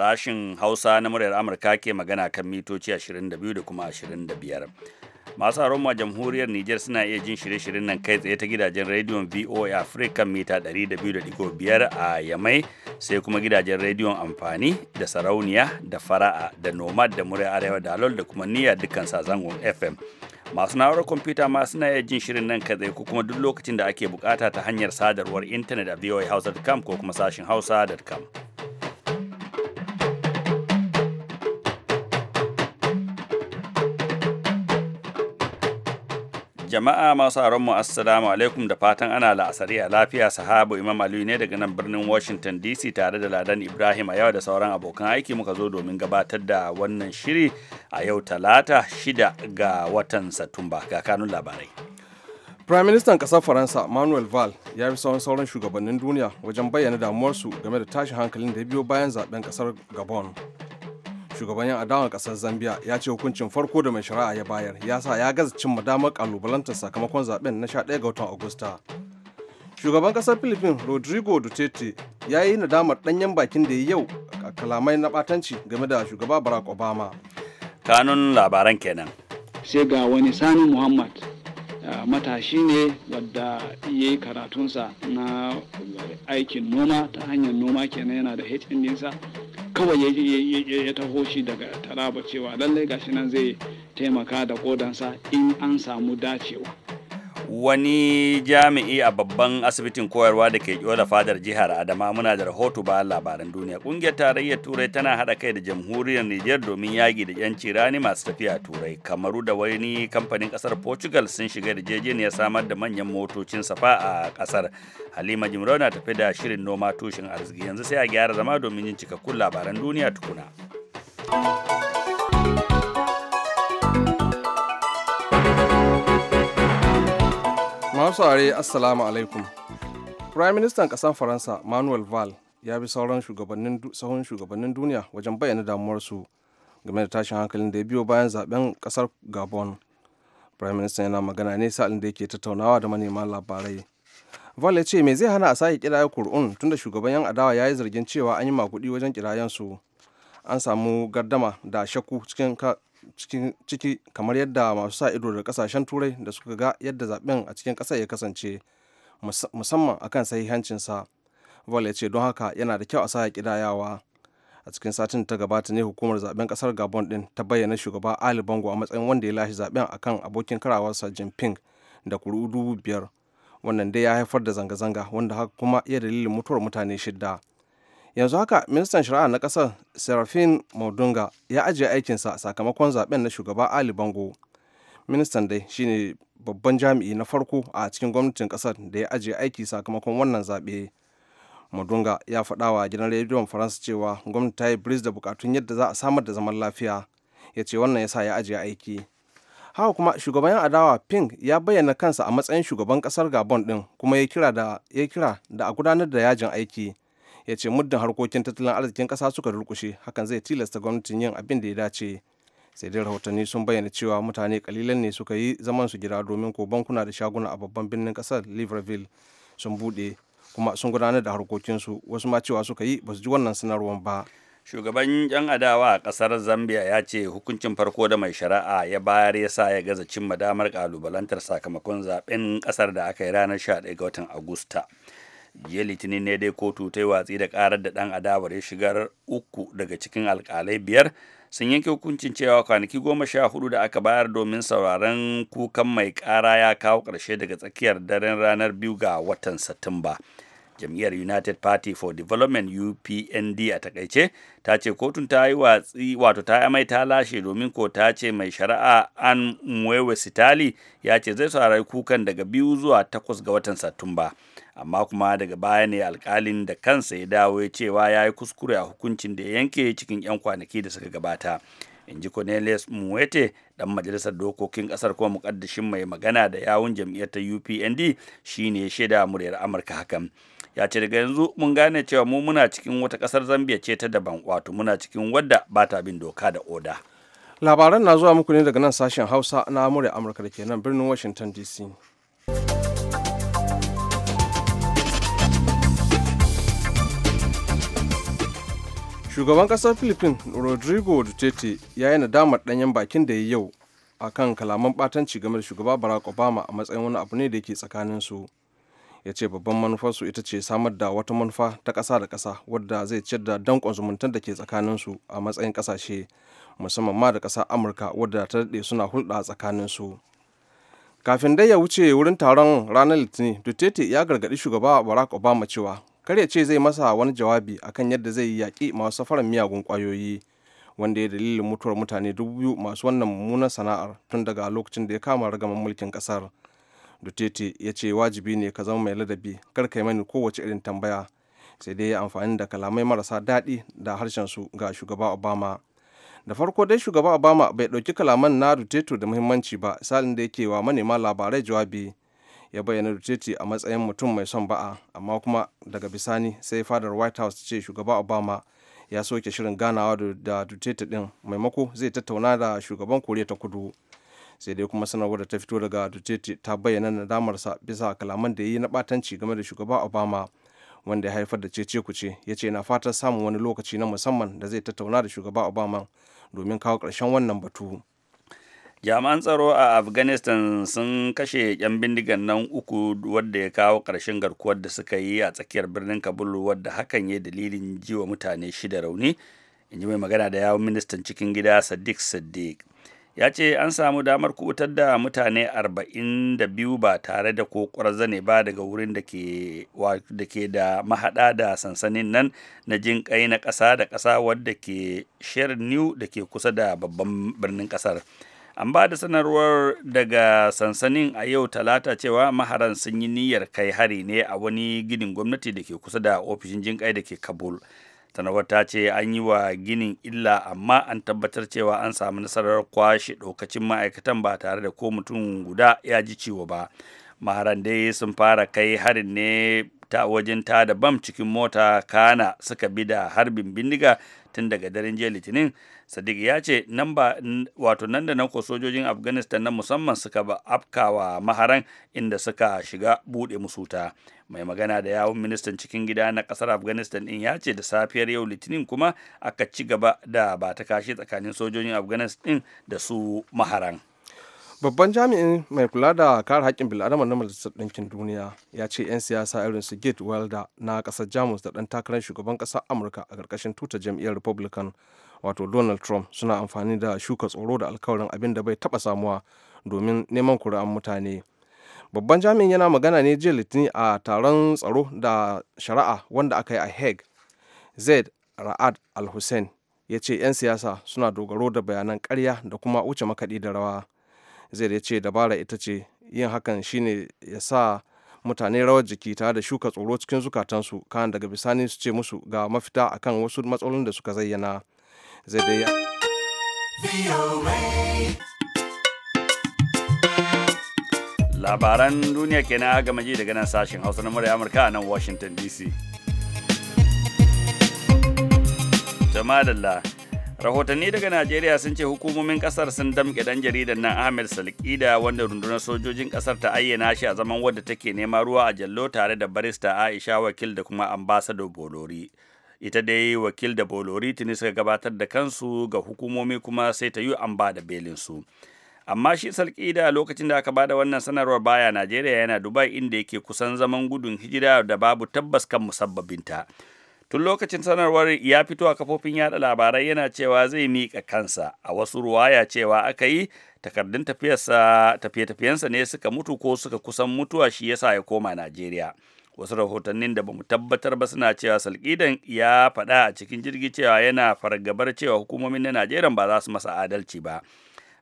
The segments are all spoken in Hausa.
Sashin Hausa na muryar Amurka ke magana kan mitoci 22 da kuma 25. Masu haron ma jamhuriyar Nijar suna iya jin shirye-shiryen nan kai tsaye ta gidajen rediyon VOA afirka mita 200.5 a Yamai sai kuma gidajen rediyon amfani da sarauniya da fara'a da nomad da muryar arewa da alol da kuma niyya dukkan zangon FM. masu na'urar kwamfuta ma suna iya jin shirin nan kai tsaye ko kuma duk lokacin da ake bukata ta hanyar sadarwar intanet a voahausa.com ko kuma sashin hausa.com. Jama'a masu aron mu assalamu alaikum da fatan ana la'asari a lafiya sahabu Imam Aliyu ne daga nan birnin Washington DC tare da Ladan Ibrahim a yawa da sauran abokan aiki muka zo domin gabatar da wannan shiri a yau talata shida ga watan Satumba ga kanun labarai. Prime Minister kasar Faransa Manuel Val ya fi sauran sauran shugabannin duniya wajen bayyana damuwarsu game da tashin hankalin da biyo bayan zaben kasar Gabon. shugaban yan adawan kasar zambia ya ce hukuncin farko da mai shari'a ya bayar ya sa ya gaza cimma damar kalubalantar sakamakon zaben na 11 ga watan agusta shugaban kasar philippines rodrigo duterte ya yi nadamar danyen bakin da ya yau a kalamai na batanci game da shugaba barack obama kanun labaran kenan sai ga wani sani muhammad matashi ne wadda ya yi karatunsa na aikin noma ta hanyar noma kenan yana da hnd sa kawai ya taho shi daga taraba cewa lallai gashi nan zai taimaka da kodansa in an samu dacewa wani jami'i a babban asibitin koyarwa da ke kyola fadar jihar adama muna da rahoto bayan labaran duniya kungiyar tarayyar turai tana haɗa kai da jamhuriyar niger domin yaki da yanci rani masu tafiya turai kamaru da wani kamfanin ƙasar portugal sun shiga da ya samar da manyan motocin safa a ƙasar halima jimrau na tafi da shirin noma tushen arziki yanzu sai a gyara zama domin yin cikakkun labaran duniya tukuna. Masu are Assalamu alaikum. Prime Minister ƙasar Faransa Manuel Val ya bi sauran sahun shugabannin duniya wajen bayyana damuwarsu game da tashin hankalin da ya biyo bayan zaben ƙasar Gabon. Prime Minister yana magana ne sa'in da yake tattaunawa da manema labarai. Val ya ce me zai hana a sake kiraye kur'un tunda shugaban 'yan adawa ya yi zargin cewa an yi makudi wajen kirayen su An samu gardama da shakku cikin ciki kamar yadda masu sa ido da kasashen turai da suka ga yadda zaben a cikin kasar ya kasance musamman akan sahihancinsa val ya ce don haka yana da kyau a sa kidayawa a cikin satin ta gabata ne hukumar zaben kasar gabon din ta bayyana shugaba ali bango a matsayin wanda ya lashe zaben akan abokin karawarsa jinping da kuru dubu biyar wannan dai ya haifar da zanga-zanga wanda haka kuma iya dalilin mutuwar mutane shidda yanzu haka ministan shari'a na kasar serafin maudunga ya ajiye aikinsa sakamakon zaben na shugaba ali bango ministan dai shine babban jami'i na farko a cikin gwamnatin kasar da ya ajiye aiki sakamakon wannan zaɓe madunga ya faɗa wa gidan rediyon faransa cewa gwamnati ta yi bris da bukatun yadda za a samar da zaman lafiya ya ce wannan yasa ya ajiye aiki haka kuma shugaban adawa ping ya bayyana kansa a matsayin shugaban kasar gabon din kuma ya kira ya kira da a gudanar da yajin aiki ya ce muddin harkokin tattalin arzikin kasa suka durkushe hakan zai tilasta gwamnatin yin abin da ya dace sai dai rahotanni sun bayyana cewa mutane kalilan ne suka yi zaman su gida domin ko bankuna da shaguna a babban birnin kasar libreville sun bude kuma sun gudanar da harkokinsu wasu ma cewa suka yi ba su ji wannan sanarwar ba shugaban yan adawa a kasar zambia ya ce hukuncin farko da mai shari'a ya bayar ya sa ya gaza cimma damar kalubalantar sakamakon zaben kasar da aka yi ranar 11 ga watan agusta jiya litinin ne dai kotu ta yi watsi da karar da dan adawar ya shigar uku daga cikin alkalai biyar sun yanke hukuncin cewa kwanaki goma sha hudu da aka bayar domin sauraron kukan mai kara ya kawo karshe daga tsakiyar daren ranar biyu ga watan satumba jam'iyyar united party for development upnd a takaice ta ce kotun ta yi watsi wato ta mai ta lashe domin ko ta ce mai shari'a an mwewe sitali ya ce zai saurari kukan daga biyu zuwa takwas ga watan satumba amma kuma daga baya ne alkalin da kansa ya dawo ya cewa ya yi kuskure a hukuncin da ya yanke cikin 'yan kwanaki da suka gabata in ji cornelius muwete dan majalisar dokokin kasar kuma mukaddashin mai magana da yawun jam'iyyar ta upnd shine shaida muryar amurka hakan ya ce daga yanzu mun gane cewa mu muna cikin wata kasar zambia ce ta daban wato muna cikin wadda ba ta bin doka da oda labaran na zuwa muku ne daga nan sashen hausa na murya amurka da ke nan birnin washington dc shugaban kasar philippines rodrigo duterte ya yi nadamar danyen bakin da ya yau a kan kalaman batanci game da shugaba barack obama a matsayin wani abu ne da yake su ya ce babban manufarsu ita ce samar da wata manufa ta ƙasa da kasa wadda zai ciyar da dankon zumuntar da ke su a matsayin ƙasashe musamman ma da kasa amurka wadda ta daɗe suna hulɗa a su kafin dai ya wuce wurin taron ranar litinin duterte ya gargaɗi shugaba barack obama cewa kar ya ce zai masa wani jawabi akan yadda zai yaƙi masu safarar miyagun ƙwayoyi wanda ya dalilin mutuwar mutane dubu biyu masu wannan mummunan sana'ar tun daga lokacin da ya kama ragaman mulkin ƙasar dutete ya ce wajibi ne ka zama mai ladabi kar ka yi mani kowace irin tambaya sai dai ya amfani da kalamai marasa daɗi da harshen su ga shugaba obama da farko dai shugaba obama bai ɗauki kalaman na duteto da muhimmanci ba salin da yake wa manema labarai jawabi ya bayyana Duterte a matsayin mutum mai son ba'a amma kuma daga bisani sai fadar White House ce shugaba Obama ya soke shirin ganawa da Duterte din maimako zai tattauna da shugaban Koriya ta Kudu sai dai kuma sanarwar da ta fito daga Duterte ta bayyana nadamarsa bisa kalaman da ya yi na batanci game da shugaba Obama wanda ya haifar da cece kuce ya ce na fatan samun wani lokaci na musamman da zai tattauna da shugaba Obama domin kawo karshen wannan batu. jami'an tsaro a afghanistan sun kashe yan bindigan nan uku wadda ya kawo ƙarshen garkuwar da suka yi a tsakiyar birnin kabul wadda hakan ya dalilin jiwa mutane shida rauni in ji mai magana da yawon ministan cikin gida sadiq sadiq ya ce an samu damar kubutar da mutane 42 ba tare da kokowar zane ba daga wurin da ke da mahada da sansanin nan na jin kai na kasa da kasa wadda ke new da ke kusa da babban birnin ƙasar. an ba da sanarwar daga sansanin a yau talata cewa maharan sun yi niyyar kai hari ne a wani ginin gwamnati da ke kusa da ofishin jinƙai da ke kabul sanarwar ta ce an yi wa ginin illa amma an tabbatar cewa an samu nasarar kwashe ɗaukacin ma'aikatan ba tare da ko mutum guda ya ji ciwo ba maharan dai sun fara kai harin ne ta wajen ta da bam cikin mota kana suka bi da harbin bindiga tun daga daren jiya litinin sadiq ya ce nan ba wato nan da nan ko sojojin afghanistan na musamman suka ba afkawa maharan inda suka shiga bude musu ta mai magana da yawun ministan cikin gida na kasar afghanistan din ya ce da safiyar yau litinin kuma aka ci gaba da ba ta kashe tsakanin sojojin afghanistan da su maharan babban jami'in mai kula da kare haƙƙin bil'adama na majalisar ɗinkin duniya ya ce 'yan siyasa irin su gate welder na ƙasar jamus da ɗan takarar shugaban ƙasar amurka a ƙarƙashin tuta jam'iyyar republican wato donald trump suna amfani da shuka tsoro da alkawarin abin da bai taba samuwa domin neman kuri'an mutane babban jami'in yana magana ne jiya litinin a taron tsaro da shari'a wanda aka yi a hague zed ra'ad al-hussein ya ce 'yan siyasa suna dogaro da bayanan karya da kuma wuce makaɗi da rawa zed ya ce dabara ita ce yin hakan shine ya sa mutane rawar jiki tare da shuka tsoro cikin zukatansu kan daga bisani su ce musu ga mafita akan wasu matsalolin da suka zayyana זה די... Labaran duniya kenan aka gama daga nan sashen Hausa na murya Amurka a nan Washington DC. rahotanni daga najeriya sun ce hukumomin kasar sun damke dan jaridar nan ahmed da wanda rundunar sojojin kasar ta ayyana shi a zaman wadda take nema ruwa a jallo tare da barista aisha wakil da kuma ambasado bolori ita dai wakil da bolori tuni suka gabatar da kansu ga hukumomi kuma sai ta yi amba da belinsu amma shi salkida lokacin da aka bada wannan sanarwar baya najeriya yana dubai inda yake kusan zaman gudun hijira da babu tabbas kan musabbabinta tun lokacin sanarwar ya fito a kafofin yada labarai yana cewa zai miƙa kansa a wasu ruwaya cewa aka yi takardun tafiye-tafiyensa ne suka mutu ko suka kusan mutuwa shi yasa ya koma najeriya wasu rahotannin da bamu tabbatar ba suna cewa salkidan ya faɗa a cikin jirgi cewa yana fargabar cewa hukumomin na najeriya ba za su masa adalci ba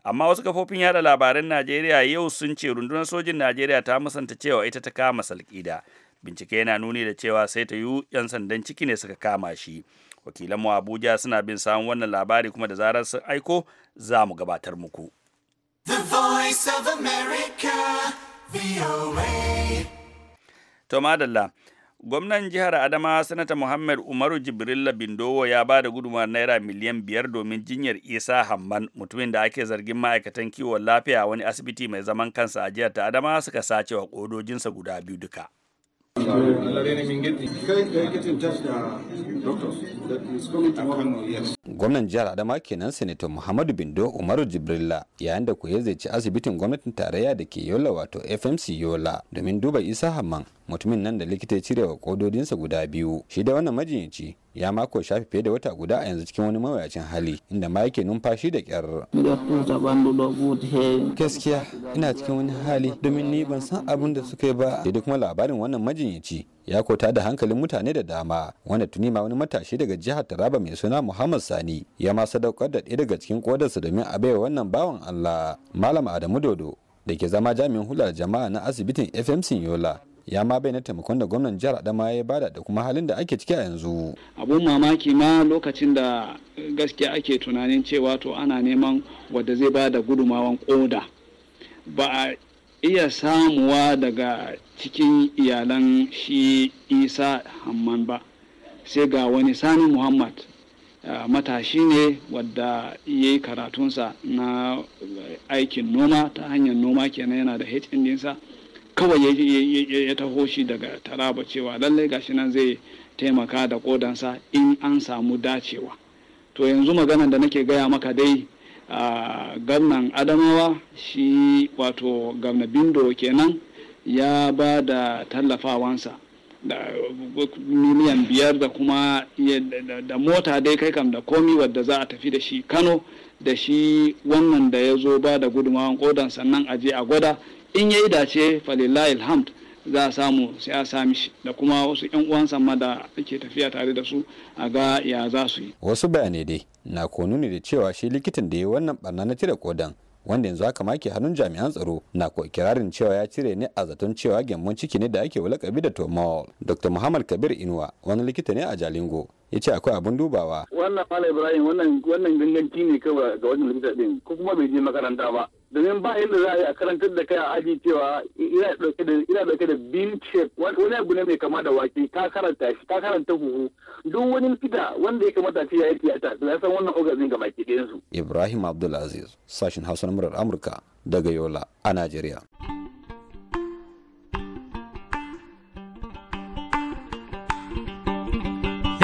amma wasu kafofin yada labaran najeriya yau sun ce rundunar sojin najeriya ta musanta cewa ita ta kama salkida bincike yana nuni da cewa sai ta yi 'yan sandan ciki ne suka kama shi wakilan mu abuja suna bin samun wannan labari kuma da zarar sun aiko za mu gabatar muku The Voice of America, VOA. to madalla gwamnan jihar adama sanata muhammad umaru jibrilla bindowo ya ba da gudunmawar naira miliyan biyar domin jinyar isa hamman mutumin da ake zargin ma'aikatan kiwon lafiya wani asibiti mai zaman kansa a jihar ta adama suka sace wa kodojinsa guda biyu duka Gwamnan jihar Adama kenan Sanato Muhammadu Bindo Umaru Jibrilla yayin da ku ya ci asibitin gwamnatin tarayya da ke Yola wato FMC Yola domin duba Isa Hamman mutumin nan da likita ya cirewa kododinsa guda biyu. Shi da wannan majinyaci ya mako shafi fiye da wata guda a yanzu cikin wani mawuyacin hali inda ma yake numfashi da kyar. gaskiya ina cikin wani hali domin ni ban san abin da suka yi ba da kuma labarin wannan majinyaci ya kota da hankalin mutane da dama wanda tuni ma wani matashi daga jihar taraba mai suna muhammad sani ya ma sadaukar da ɗaya daga cikin kodarsa domin a baiwa wannan bawan allah malam adamu dodo da ke zama jami'in hular jama'a na asibitin fmc yola ya ma bayyana taimakon da gwamnan jihar adama ya bada da kuma halin da ake ciki a yanzu abun mamaki ma lokacin da gaskiya ake tunanin cewa to ana neman wadda zai ba da gudumawan koda ba a iya samuwa daga cikin iyalan shi isa hamman ba sai ga wani sani muhammad matashi ne wadda ya yi karatunsa na aikin noma ta hanyar noma kenan yana da hnd sa kawai ya taho shi daga taraba cewa lallai gashi nan zai taimaka da kodansa in an samu dacewa to yanzu maganan da nake gaya maka dai a gamnan adamawa shi wato gamna bindo kenan ya ba da tallafawansa da miliyan biyar da kuma da mota dai kai kam da komi wadda za a tafi da shi kano da shi wannan da ya zo ba da gudunmawan kodan sannan a je a gwada in ya yi dace falillahi alhamd za a samu sai a sami shi da kuma wasu yan uwan ma da ake tafiya tare da su a ga ya za su yi wasu bayanai dai na ko nuni da cewa shi likitan da ya wannan barna na cire kodan wanda yanzu haka make hannun jami'an tsaro na ko ikirarin cewa ya cire ne a zaton cewa gyamman ciki ne da ake lakabi da tomol dr muhammad kabir inuwa wani likita ne a jalingo ya ce akwai abin dubawa. Wannan Fala Ibrahim wannan ganganci ne kawai ga wajen likita ɗin ko kuma bai je makaranta ba. Domin ba da za a yi a karantar da kai a aji cewa ina ɗauke da bin shape wani abu ne mai kama da wake ka karanta shi ka karanta huhu duk wani likita wanda ya kamata ce ya yi tiyata ya san wannan ogazin ga baki ɗayansu. Ibrahim Abdulaziz sashin Hausa na Amurka daga Yola a Najeriya.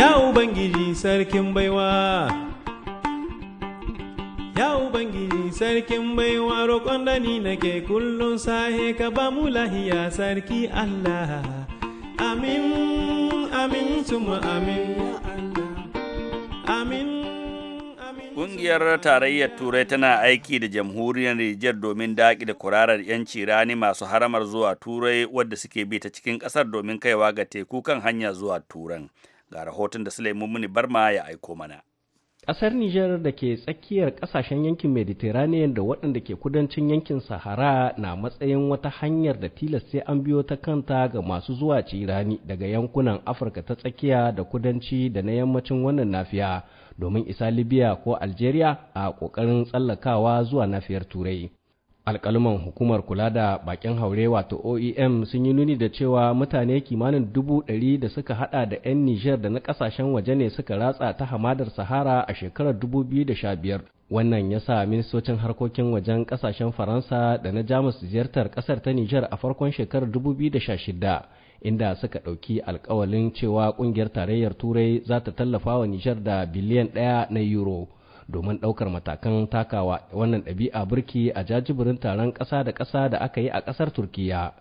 Ya Ubangiji sarkin baiwa, Ya Ubangiji sarkin baiwa roƙon da ni nake kullum sahe ka ba mu lahiya sarki Allah. Amin, amin, tuma amin, amin. Ƙungiyar Tarayyar Turai tana aiki da jamhuriyar Nijar domin daƙi da kurarar 'yanci rani masu haramar zuwa Turai wadda suke bi ta cikin ƙasar domin kaiwa ga teku kan hanya zuwa Turan. Ga rahoton da Suleiman Muni Barma ya aiko mana. Ƙasar Nijar da ke tsakiyar ƙasashen yankin Mediterranean da waɗanda ke kudancin yankin Sahara na matsayin wata hanyar da tilas sai an biyo ta kanta ga masu zuwa cirani daga yankunan Afirka ta tsakiya da kudanci da na yammacin wannan nafiya domin isa Libya ko Algeria a ƙoƙarin tsallakawa zuwa nafiyar Turai. alƙaluman hukumar kula da bakin haure wato oem sun yi nuni da cewa mutane kimanin dubu ɗari da suka hada da 'yan niger da na ƙasashen waje ne suka ratsa ta hamadar sahara a shekarar 2015 wannan ya sa ministocin harkokin wajen ƙasashen faransa da na jamus ziyartar ƙasar ta niger a farkon shekarar 2016 inda suka ɗauki alkawalin cewa ƙungiyar tarayyar turai za ta tallafa wa niger da biliyan ɗaya na euro domin ɗaukar matakan takawa wannan ɗabi'a burki a jajibirin taron ƙasa da ƙasa da aka yi a ƙasar turkiya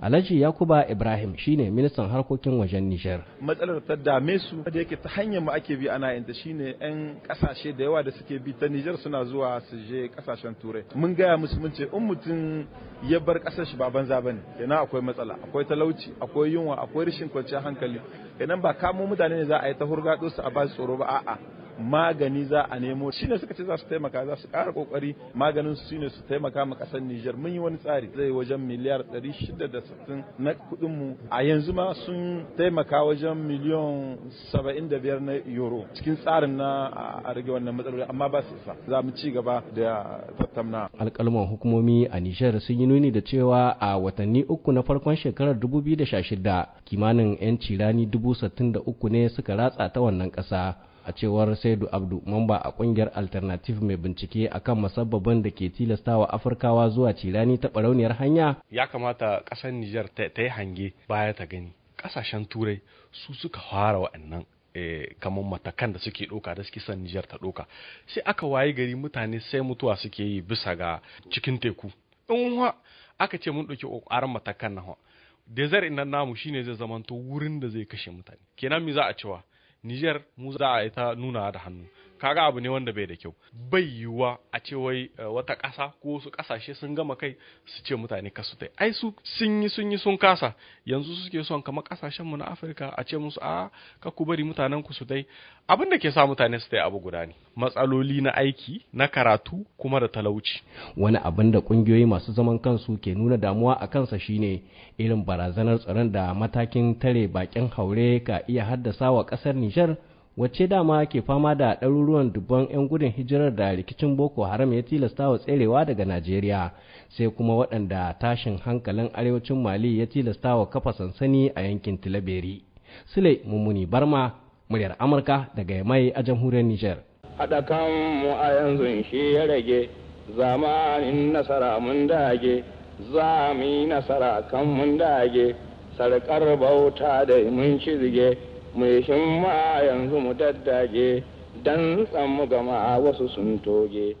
Alhaji Yakuba Ibrahim shine ministan harkokin wajen Nijar. Matsalar ta dame su da yake ta hanyar mu ake bi ana yanta shine yan kasashe da yawa da suke bi ta Nijar suna zuwa su je kasashen Turai. Mun gaya musu mun ce in mutum ya bar kasar shi ba banza bane. akwai matsala, akwai talauci, akwai yunwa, akwai rashin kwanciyar hankali. Kenan ba kamo mutane ne za a yi ta hurgado su a ba su tsoro ba a'a. magani za a nemo ne suka ce za su taimaka za su ƙara kokari maganin su ne su taimaka ma ƙasar Nijar mun yi wani tsari zai wajen miliyar 660 na kuɗin mu a yanzu ma sun taimaka wajen miliyan 75 na euro cikin tsarin na a rage wannan matsaloli amma ba su isa za mu ci gaba da tattauna alƙalman hukumomi a Nijar sun yi nuni da cewa a watanni uku na farkon shekarar 2016 kimanin 'yan cirani 63 ne suka ratsa ta wannan ƙasa a cewar saidu abdu mamba a kungiyar alternative mai bincike akan musabbabin da ke tilastawa afirkawa zuwa cirani ta barauniyar hanya ya kamata kasar niger ta yi hange baya ta gani kasashen turai su suka fara wa'annan eh, kamar matakan da suke doka da suke son niger ta doka sai aka waye gari mutane sai mutuwa suke yi bisa ga cikin teku in aka ce mun ɗauki kokarin matakan na desert nan namu shine zai zamanto wurin da zai kashe mutane kenan mi za a cewa Niger muza za a yi ta nuna da hannu kaga abu ne wanda bai da kyau bai yiwuwa a ce wai eh, wata ƙasa ko wasu ƙasashe sun gama kai su ce mutane kasu tai ai su sun yi sun yi sun kasa yanzu suke son kama ƙasashen mu na Afirka a ce musu a ka ku bari mutanen ku su dai. abin da ke sa mutane su tai abu guda ne matsaloli na aiki na karatu kuma da talauci wani abin da ƙungiyoyi masu zaman kansu ke nuna damuwa a kansa shine irin barazanar tsaron da matakin tare bakin haure ka iya haddasa wa ƙasar Nijar wacce dama ke fama da ɗaruruwan dubban 'yan gudun hijirar da rikicin boko haram ya tilasta wa tserewa daga najeriya sai kuma waɗanda tashin hankalin arewacin mali ya tilasta wa kafa sansani a yankin tilaberi sule mummuni barma muryar amurka daga mai a jamhuriyar niger haɗa kanmu a yanzu shi ya rage zamanin nasara mun dage za nasara kan mun dage sarkar bauta da mun zige. mai ma yanzu mu daddage don mu gama wasu sun toge.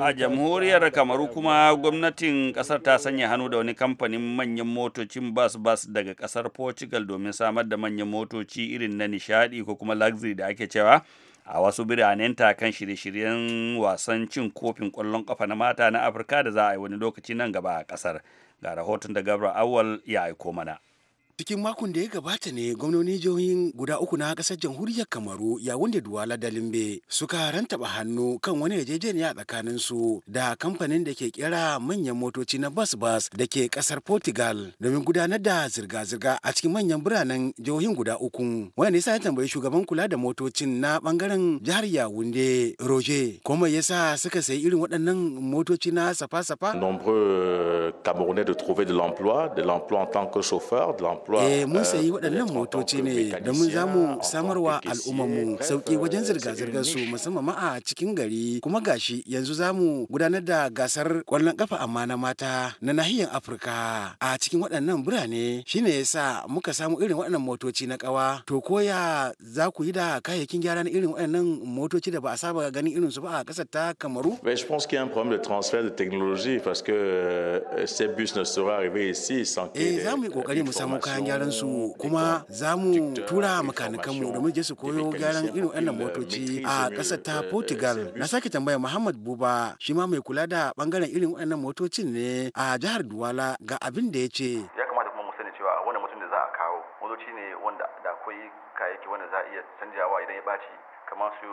A jamhuriyar Kamaru kuma gwamnatin kasar ta sanya hannu da wani kamfanin manyan motocin bas-bas daga kasar Portugal domin samar da manyan motoci irin na nishadi ko kuma luxury da ake cewa a wasu biranen kan shirye-shiryen wasan cin kofin kwallon kafa na mata na Afirka da za a yi wani lokaci nan gaba a kasar. Ga rahoton da Gabra Awal ya aiko mana. cikin makon da ya gabata ne gwamnonin jihohin guda uku na kasar jamhuriyar kamaru yawunde duwala da limbe suka rantaba hannu kan wani yarjejeniya tsakanin su da kamfanin da ke kera manyan motoci na bas bas da ke kasar portugal domin gudanar da zirga-zirga a cikin manyan biranen jihohin guda uku wanda yasa ya tambayi shugaban kula da motocin na bangaren jihar yawunde roje mai yasa suka sayi irin waɗannan motoci na safa-safa nombreux euh, camerounais de trouver de l'emploi de l'emploi en tant que chauffeur de l'emploi eh mun eh, sayi waɗannan motoci ne domin za mu samarwa mu. Eh, Sauki, wajen zirga-zirgar su musamman ma a cikin gari kuma gashi yanzu za mu gudanar da gasar ƙwallon ƙafa amma na mata na nahiyar afirka a cikin waɗannan birane shine yasa muka samu irin waɗannan motoci na kawa. to koya za ku yi da kayayyakin gyara na irin waɗannan motoci da ba a saba ganin irin su ba a kasar ta kamaru je pense qu'il y a un problème de transfert de technologie parce que euh, ces bus ne sera arrivé ici sans eh, qu'il y za mu kayan gyaran su kuma za mu tura makanikanmu domin je su koyo gyaran irin wannan motoci a ƙasar ta Portugal. Na sake tambaya Muhammad Buba shi ma mai kula da bangaren irin wannan motocin ne a jihar Duwala ga abin da ya ce. ya kamata kuma sani cewa za kawo motoci ne wanda da akwai kayayyaki wanda za a iya canjawa idan ya baci kamar su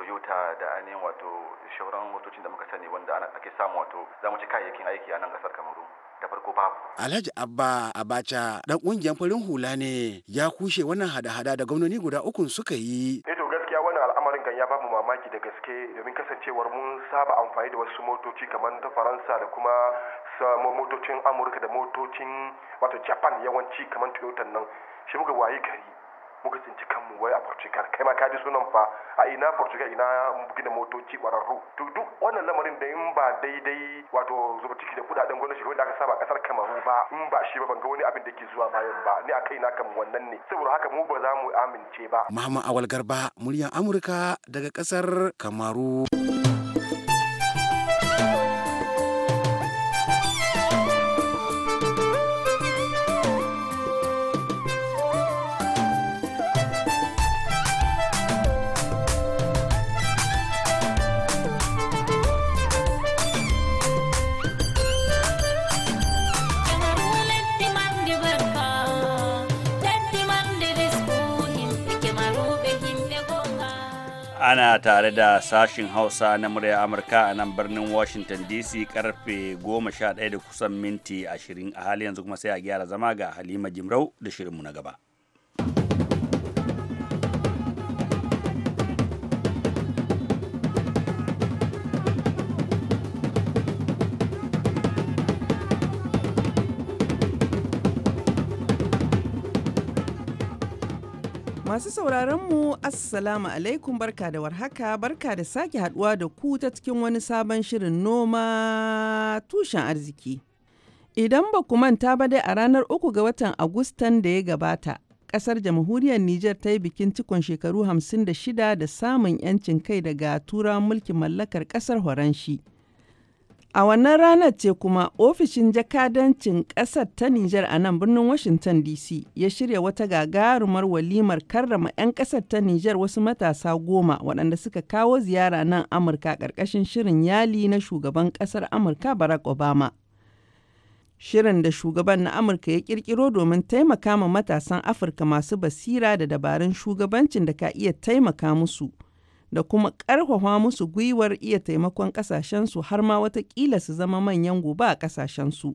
toyota da ainihin wato shauran motocin da muka sani wanda ake samu wato zamu ci kayayyakin aiki a nan kasar kamaru da farko babu. Alhaji Abba Abacha dan kungiyar farin hula ne ya kushe wannan hada-hada da gwamnoni guda ukun suka yi. Eh to gaskiya wannan al'amarin kan ya bamu mamaki da gaske domin kasancewar mun saba amfani da wasu motoci kamar ta Faransa da kuma motocin Amurka da motocin wato Japan yawanci kamar Toyota nan. Shi muka waye gari muka tsinci kanmu wai a portugal kai ma ka ji sunan fa a ina portugal ina gina motoci kwararru to duk wannan lamarin da in ba daidai wato zuba ciki da kudaden gwamnati wanda aka saba kasar kamaru ba in ba shi ba ban wani abin da ke zuwa bayan ba ni a kai na kan wannan ne saboda haka mu ba za mu amince ba mama awal garba muryar amurka daga kasar kamaru ana tare da sashin hausa na murya amurka a nan birnin washington dc karfe 11 da kusan minti 20 a hali yanzu kuma sai a gyara zama ga halima jimrau da shirinmu na gaba Masu sauraron mu Assalamu alaikum barka da warhaka barka da sake haduwa da ku ta cikin wani sabon shirin noma tushen arziki. Idan ba ku manta ba dai a ranar uku ga watan Agustan da ya gabata, kasar jamhuriyar Nijar ta yi bikin cikon shekaru 56 da samun 'yancin kai daga turawan mulkin mallakar kasar Horanshi. A wannan ranar ce kuma ofishin jakadancin ƙasar ta Nijar a nan birnin Washington DC ya shirya wata gagarumar walimar karrama 'yan ƙasar ta Nijar wasu matasa goma waɗanda suka kawo ziyara nan Amurka ƙarƙashin shirin yali na shugaban ƙasar Amurka Barack Obama. Shirin da shugaban na Amurka ya ƙirƙiro domin taimaka ma matasan Afirka masu basira da dabarun shugabancin da ka iya taimaka musu. da kuma ƙarfafa musu gwiwar iya taimakon ƙasashensu har ma watakila su zama manyan gobe a ƙasashensu.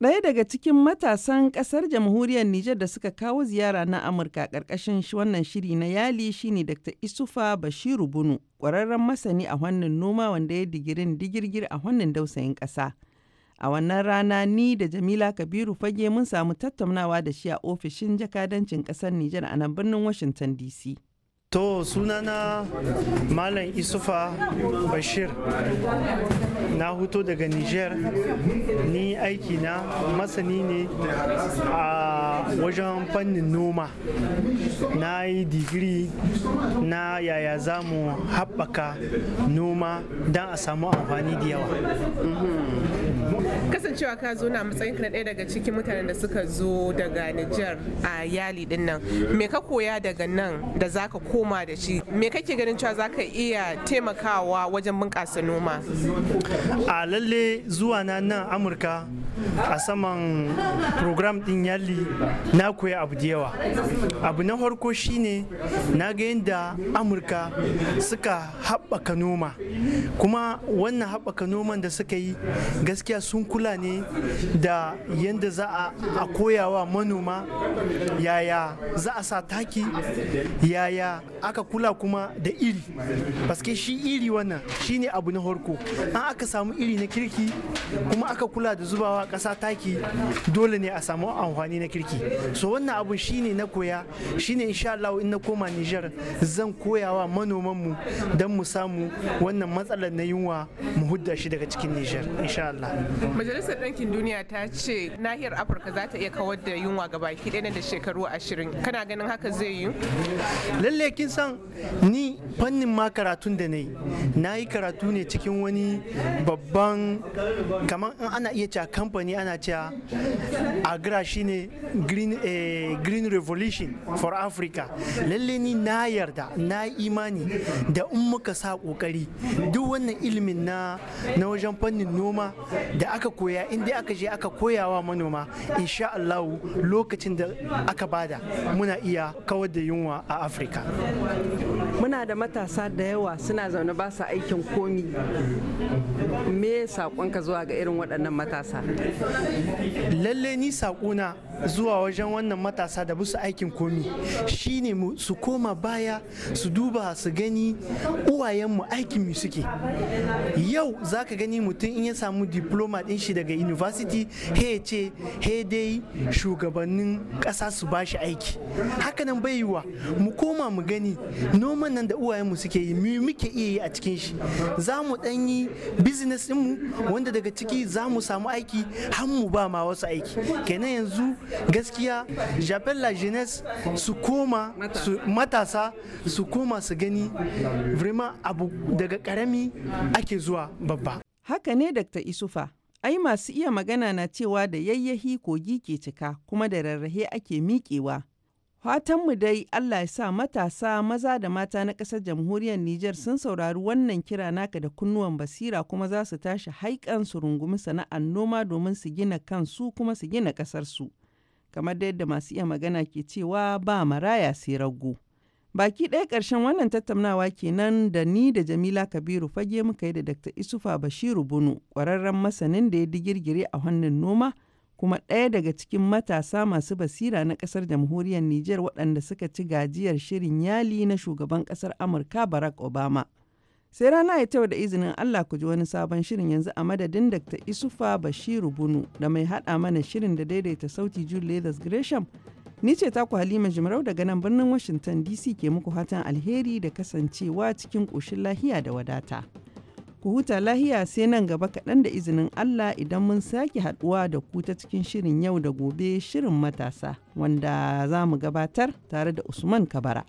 Ɗaya daga cikin matasan ƙasar jamhuriyar Nijar da suka kawo ziyara na Amurka ƙarƙashin wannan shiri na yali shine Dr. Isufa Bashiru Bunu, ƙwararren masani a wannan noma wanda ya digirin digirgir a wannan dausayin ƙasa. A wannan rana ni da Jamila Kabiru fage mun samu tattaunawa da shi a ofishin jakadancin ƙasar Nijar a nan birnin Washington DC. to sunana malam isufa bashir na huto daga niger ni aiki na masani ne a wajen fannin noma na yi digiri na yaya za mu haɓaka noma don a samu amfani da yawa mhm. kasancewa ka zo na matsayinka na ɗaya daga cikin mutanen da suka zo daga Nijar a yali din nan me ka koya daga nan da zaka koma da shi me kake ganin cewa zaka iya taimakawa wajen bunƙasa noma a lalle zuwa na nan Amurka a saman program din yalli na koya abu da yawa abu na harko shine na ga yadda amurka suka haɓaka noma kuma wannan haɓaka noman da suka yi gaskiya sun kula ne da yadda za a koyawa manoma yaya za a sa taki yaya aka kula kuma da iri baske shi iri wannan shine abu na harko an aka samu iri na kirki kuma aka kula da zubawa kasa ƙasa taki dole ne a samu amfani na kirki so wannan abu shine na koya shine insha Allah in na koma Niger zan koyawa manoman mu dan mu samu wannan matsalar na yunwa mu hudda shi daga cikin Niger insha Allah Majalisar Ɗinkin Duniya ta ce nahiyar Afirka za ta iya kawar da yunwa ga baki ɗaya da shekaru 20 kana ganin haka zai yi lalle kin san ni fannin ma karatun da nayi nayi karatu ne cikin wani babban kamar ana iya cewa company ana cewa agra shine green, eh, green revolution for africa lalle ni na yarda na imani da in muka sa kokari duk wannan ilimin na na wajen fannin noma da aka koya inda aka je aka koyawa manoma insha Allah lokacin da aka bada muna iya kawar da yunwa a afirka muna da matasa da yawa suna zaune ba su aikin komi me saƙonka zuwa ga irin waɗannan matasa lalle ni saƙona zuwa wajen wannan matasa da busu aikin komi shine su koma baya su duba su gani uwayenmu aikin mu suke yau za ka gani mutum in ya samu diploma din shi daga university he ce he dai shugabannin ƙasa su ba shi aiki hakanan bai yiwa mu koma mu gani noman nan da uwayenmu suke yi mu muke iya yi a cikin shi za mu ɗan yi business mu wanda daga ciki za mu samu aiki har mu ba ma wasu aiki kenan yanzu gaskiya j'appelle la jeunesse su koma su matasa su koma su gani vraiment abu daga karami ake zuwa babba haka ne dr isufa ai masu iya magana na cewa da yayyahi kogi ke cika kuma da rarrahe ake miƙewa Fatanmu dai Allah ya sa matasa maza da mata na ƙasar jamhuriyar niger sun saurari wannan kira naka da kunnuwan basira kuma za su tashi haikan su rungumi sana'ar noma domin su gina kansu kuma su gina ƙasarsu. kamar da yadda masu iya magana ke cewa ba maraya sai rago. Baki ɗaya ƙarshen wannan tattaunawa kenan da ni da Jamila Kabiru fage muka yi da Dr. Isufa Bashiru Bunu, ƙwararren masanin da ya digirgire a hannun noma, kuma ɗaya daga cikin matasa masu basira na ƙasar jamhuriyar Nijar waɗanda suka ci gajiyar shirin yali na shugaban ƙasar Amurka Barack Obama. Sai rana ya tawa da izinin Allah ku ji wani sabon shirin yanzu a madadin Dr. Isufa Bashiru Bunu da mai haɗa mana shirin da daidaita sauti Jude Leathers Gresham. Ni ce taku Halima Jimarau daga nan birnin Washington DC ke muku hatan alheri da kasancewa cikin ƙoshin lahiya da wadata. Ku huta lahiya sai nan gaba kaɗan da izinin Allah idan mun sake haɗuwa da ku ta cikin shirin yau da gobe shirin matasa wanda za mu gabatar tare da Usman Kabara.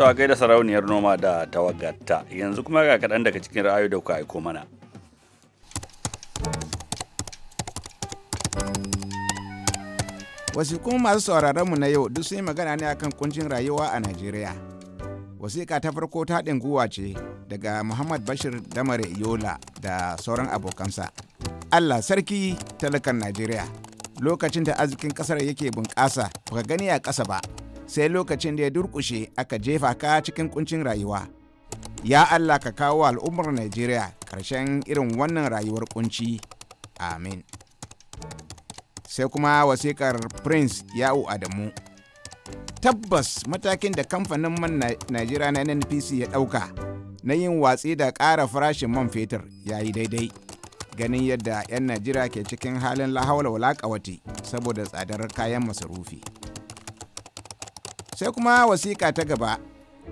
To a gaida sarauniyar noma da tawagata yanzu kuma ga kaɗan daga cikin ra'ayi da kuka aiko mana. kuma masu sauraronmu na yau duk sun yi magana ne akan kuncin rayuwa a Najeriya. Wasiƙa ta farko ta haɗin guwa ce daga Muhammad Bashir Damare Yola da sauran abokansa. Allah sarki talakan Najeriya. Lokacin da arzikin ƙasar yake bunƙasa, ba gani a ƙasa ba. sai lokacin da ya durkushe aka jefa ka cikin kuncin rayuwa ya allah ka kawo al'ummar najeriya ƙarshen irin wannan rayuwar kunci amin sai kuma wasiƙar prince ya'u adamu tabbas matakin da kamfanin man najeriya na nnpc ya ɗauka na yin watsi da ƙara farashin man fetur ya yi daidai ganin yadda 'yan najeriya ke cikin halin lahawar walaƙawati saboda tsadar kayan masarufi sai kuma wasiƙa ta gaba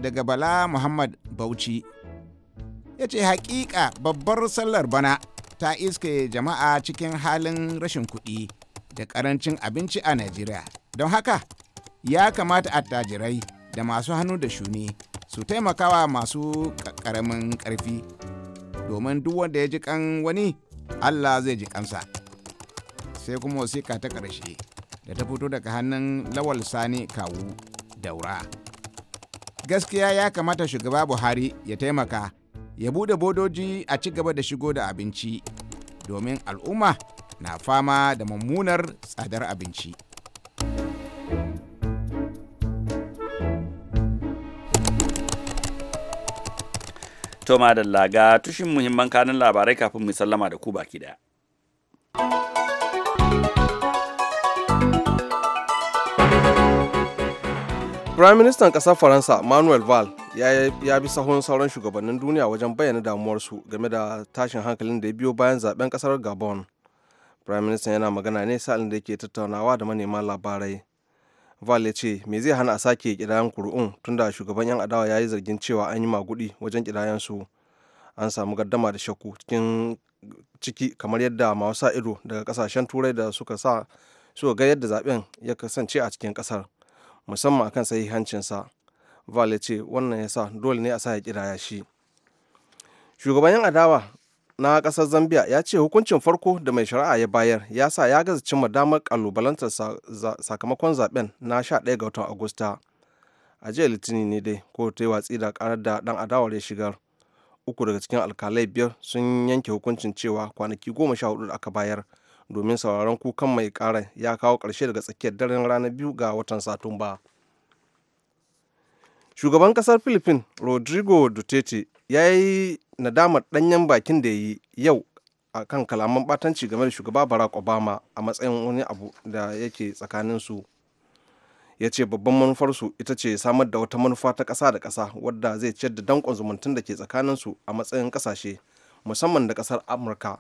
daga bala muhammad bauchi ya ce haƙiƙa babbar sallar bana ta iske jama'a cikin halin rashin kuɗi da ƙarancin abinci a najeriya don haka ya kamata attajirai da masu hannu da shuni su taimakawa masu ƙaramin ƙarfi domin duk wanda ya ji kan wani allah zai ji kansa sai kuma wasiƙa ta ƙarshe da ta fito daga hannun lawal sani kawu daura gaskiya ya kamata shugaba buhari ya taimaka ya bude bodoji a ci gaba da shigo da abinci domin al'umma na fama da mummunar tsadar abinci toma da laga tushin muhimman kanun labarai kafin mu sallama da ku baki daya Prime minister ƙasar Faransa Manuel Val ya bi sahun sauran shugabannin duniya wajen bayyana damuwarsu game da tashin hankalin da ya biyo bayan zaben ƙasar Gabon. Prime minister yana magana ne sa'in da yake tattaunawa da manema labarai. Val ya ce me zai hana a sake kidayen kuri'un tunda shugaban 'yan adawa ya yi zargin cewa an yi maguɗi wajen kidayen su. An samu gaddama da shakku cikin ciki kamar yadda masu ido daga kasashen turai da suka sa suka ga yadda zaben ya kasance a cikin ƙasar. musamman akan sahihancinsa val ya ce wannan ya sa dole ne a sa ya kiraya shi shugaban adawa na kasar zambia ya ce hukuncin farko da mai shari'a ya bayar ya sa ya gaza cimma damar kalubalantar sakamakon zaben na 11 ga watan agusta a jiya litinin ne dai ko ta yi watsi da karar da dan adawar ya shigar uku daga cikin alkalai biyar sun yanke hukuncin cewa kwanaki goma sha hudu da aka bayar domin sauraron kukan mai karan ya kawo ƙarshe daga tsakiyar daren ranar biyu ga watan satumba shugaban kasar philippines rodrigo duterte ya yi nadamar ɗanyen bakin da ya yi yau a kan kalaman batanci game da shugaba barack obama a matsayin wani abu da yake tsakaninsu ya ce babban manufarsu ita ce samar da wata manufa ta ƙasa da ƙasa wadda zai ciyar da danƙon zumuntun da ke tsakanin su a matsayin ƙasashe musamman da ƙasar amurka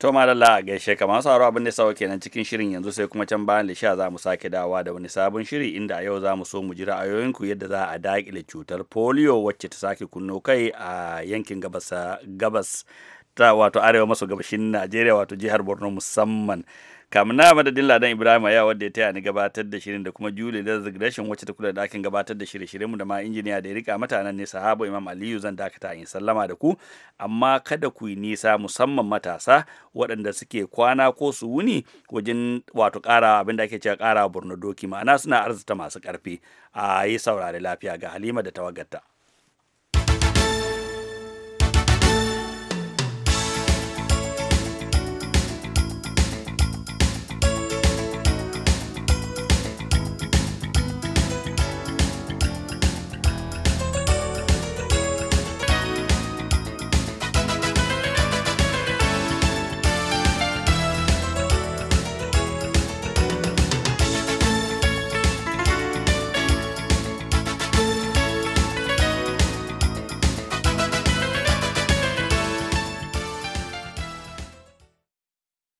To madalla a gaishe kama sauro abin da sauke kenan cikin shirin yanzu sai kuma can bayan lisha za mu sake dawa da wani sabon shiri inda a yau za mu so mu ji ra'ayoyinku yadda za a daƙile cutar polio wacce ta sake kunno kai a yankin gabas ta wato arewa maso gabashin Najeriya wato jihar Borno musamman. kamun na madadin ladan ibrahim ya wadda ya taya ni gabatar da shirin da kuma julie da rashin wacce ta kula da dakin gabatar da shirye mu da ma injiniya da ya rika mata nan ne sahabo imam aliyu zan dakata in sallama da ku amma kada ku yi nisa musamman matasa waɗanda suke kwana ko su wuni wajen wato ƙara abin da ake cewa ƙara borno doki ma'ana suna arzuta masu ƙarfi a yi saurari lafiya ga halima da tawagarta